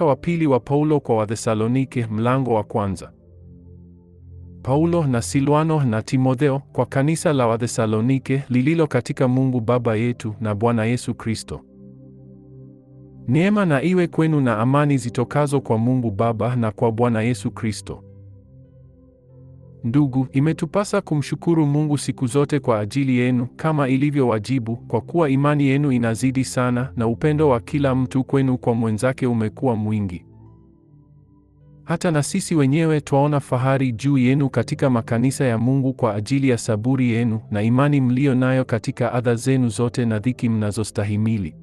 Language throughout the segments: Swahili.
Wa pili wa Paulo kwa Wathesalonike mlango wa kwanza. Paulo na Silwano na Timotheo kwa kanisa la Wathesalonike lililo katika Mungu Baba yetu na Bwana Yesu Kristo. Neema na iwe kwenu na amani zitokazo kwa Mungu Baba na kwa Bwana Yesu Kristo. Ndugu, imetupasa kumshukuru Mungu siku zote kwa ajili yenu, kama ilivyo wajibu, kwa kuwa imani yenu inazidi sana, na upendo wa kila mtu kwenu kwa mwenzake umekuwa mwingi. Hata na sisi wenyewe twaona fahari juu yenu katika makanisa ya Mungu kwa ajili ya saburi yenu na imani mlio nayo katika adha zenu zote na dhiki mnazostahimili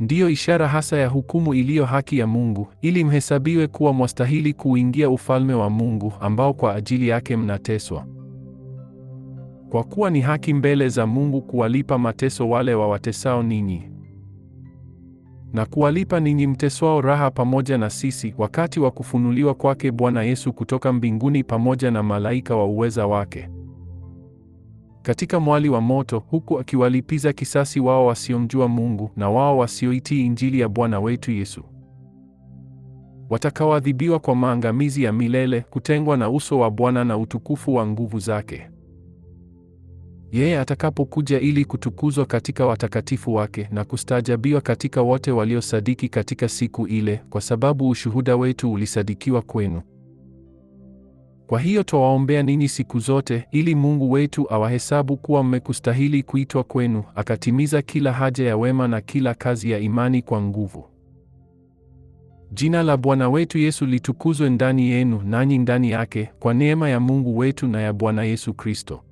ndiyo ishara hasa ya hukumu iliyo haki ya Mungu, ili mhesabiwe kuwa mwastahili kuingia ufalme wa Mungu ambao kwa ajili yake mnateswa. Kwa kuwa ni haki mbele za Mungu kuwalipa mateso wale wawatesao ninyi, na kuwalipa ninyi mteswao raha pamoja na sisi, wakati wa kufunuliwa kwake Bwana Yesu kutoka mbinguni pamoja na malaika wa uweza wake katika mwali wa moto, huku akiwalipiza kisasi wao wasiomjua Mungu na wao wasioitii injili ya Bwana wetu Yesu, watakaoadhibiwa kwa maangamizi ya milele, kutengwa na uso wa Bwana na utukufu wa nguvu zake, yeye atakapokuja ili kutukuzwa katika watakatifu wake na kustaajabiwa katika wote waliosadiki katika siku ile, kwa sababu ushuhuda wetu ulisadikiwa kwenu. Kwa hiyo twawaombea ninyi siku zote, ili Mungu wetu awahesabu kuwa mmekustahili kuitwa kwenu, akatimiza kila haja ya wema na kila kazi ya imani kwa nguvu. Jina la Bwana wetu Yesu litukuzwe ndani yenu, nanyi ndani yake, kwa neema ya Mungu wetu na ya Bwana Yesu Kristo.